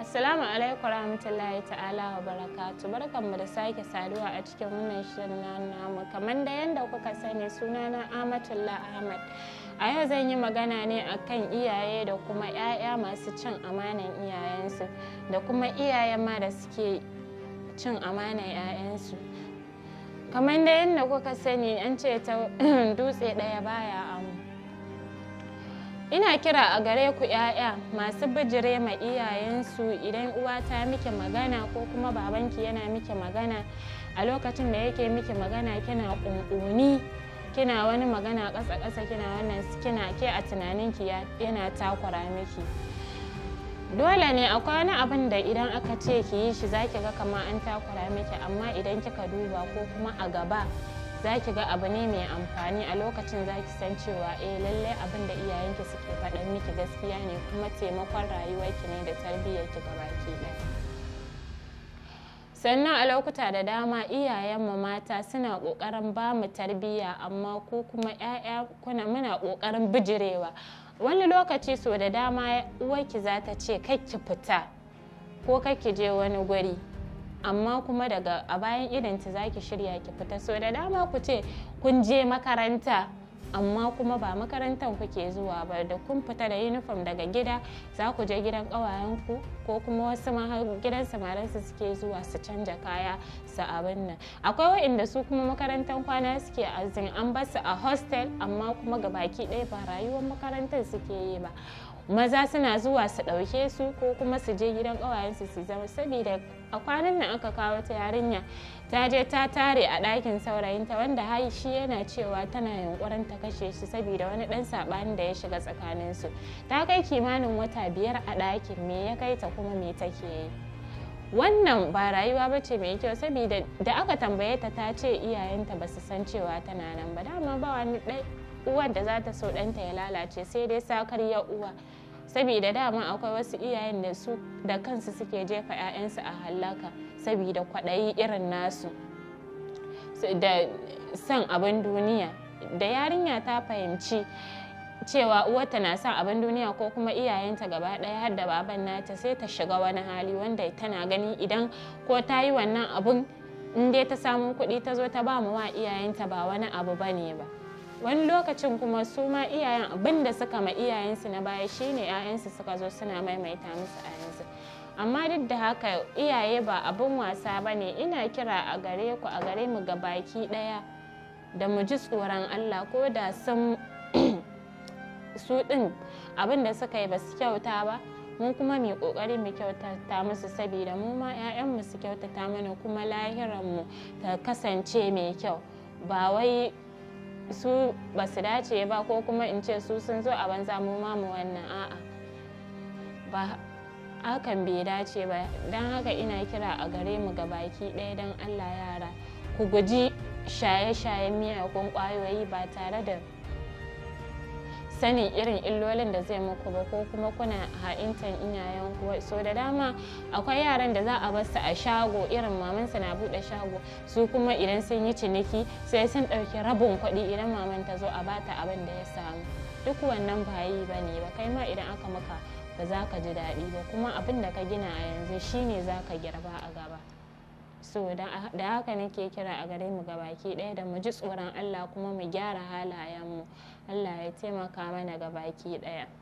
Assalamu alaikum rahmatullahi ta'ala wa barakatu barkanmu da sake saduwa a cikin wannan shirin namu kamar da yadda kuka sani sunana Amatullah Ahmad a yau zan yi magana ne akan iyaye da kuma 'ya'ya masu cin amanan iyayensu da kuma iyayen ma da suke cin amanan 'ya'yansu kamar da yadda kuka sani an ce ta dutse ɗaya baya amu Ina kira a gare ku ‘ya'ya masu bijire ma iyayensu idan uwa ta miki magana ko kuma babanki yana miki magana a lokacin da yake miki magana kina ƙunƙuni kina wani magana ƙasa-ƙasa kina wannan kina ke a tunaninki yana takura miki. Dole ne akwai wani abin da idan aka ce ki yi shi zaki ga kama an takura miki amma idan kika duba ko kuma a gaba za ki ga abu ne mai amfani a lokacin za ki san cewa eh lallai abin da iyayenki suke faɗan miki gaskiya ne kuma taimakon rayuwarki ne da tarbiyyarki gabaki ɗaya sannan a lokuta da dama iyayenmu mata suna ƙoƙarin ba mu tarbiyya amma ko kuma 'ya'ya kuna muna ƙoƙarin bijirewa wani lokaci so da dama uwarki za ta ce kai ki fita ko kai ki je wani guri amma kuma daga a bayan idanci za ki shirya ki fita so da dama ku ce kun je makaranta amma kuma ba makarantar kuke zuwa ba da kun fita da uniform daga gida za ku je gidan ƙawayenku ko kuma wasu gidan samaransu suke zuwa su canja kaya su abin nan akwai waɗanda su kuma makarantar kwana suke azin an basu a hostel amma kuma ga baki ɗaya ba rayuwar makarantar suke yi ba maza suna zuwa su ɗauke su ko kuma su je gidan ƙawayensu su zama saboda a kwanan nan aka kawo ta yarinya ta je ta tare a ɗakin saurayinta wanda hai shi yana cewa tana yunkurin ta kashe shi saboda wani ɗan saɓani da ya shiga tsakaninsu ta kai kimanin wata biyar a ɗakin me ya kai ta kuma me take yi wannan ba rayuwa ba ce mai kyau saboda da aka tambaye ta ta ce iyayenta ba su san cewa tana nan ba dama ba wani ɗai uwar da za ta so ɗanta ya lalace sai dai sakar ya uwa saboda dama akwai wasu iyayen da su da kansu suke jefa 'ya'yansu a halaka saboda kwaɗayi irin nasu da son abin duniya da yarinya ta fahimci cewa uwarta na son abin duniya ko kuma iyayenta gaba ɗaya har da baban nata sai ta shiga wani hali wanda tana gani idan ko ta yi wannan abun in dai ta samu kuɗi ta zo ta ba mu wa iyayenta ba wani abu ba ne ba wani lokacin kuma su ma iyayen abin da suka ma iyayensu na baya shine 'ya'yansu suka zo suna maimaita musu a yanzu amma duk da haka iyaye ba abin wasa ba ne ina kira a gare ku a gare mu ga baki ɗaya da mu ji tsoron allah ko da sun su din abin da suka yi ba su kyauta ba mu kuma mai kokarin mu kyautata musu saboda mu ma mu su kyautata mana kuma lahiranmu ta kasance mai kyau ba wai su ba su dace ba ko kuma in ce su sun zo a banza mu ma mu wannan a'a ba hakan bai dace ba don haka ina kira a gare mu ga baki ɗaya don allah yara ku guji shaye-shayen miyagun kwayoyi ba tare da sanin irin illolin da zai muku ba ko kuma kuna ha'intan iyayen kuwa so da dama akwai yaran da za a basu a shago irin mamansa na bude shago su kuma idan sun yi ciniki sai sun ɗauki rabin kuɗi idan maman ta zo a bata abin da ya samu duk wannan ba yi ba ne ba kai ma idan aka maka ba za ka ji daɗi ba kuma abin da ka gina a yanzu shine za ka girba a gaba. so da haka nake kira a gare mu gabaki daya da mu ji tsoron allah kuma mu gyara halayenmu allah ya taimaka mana gabaki daya.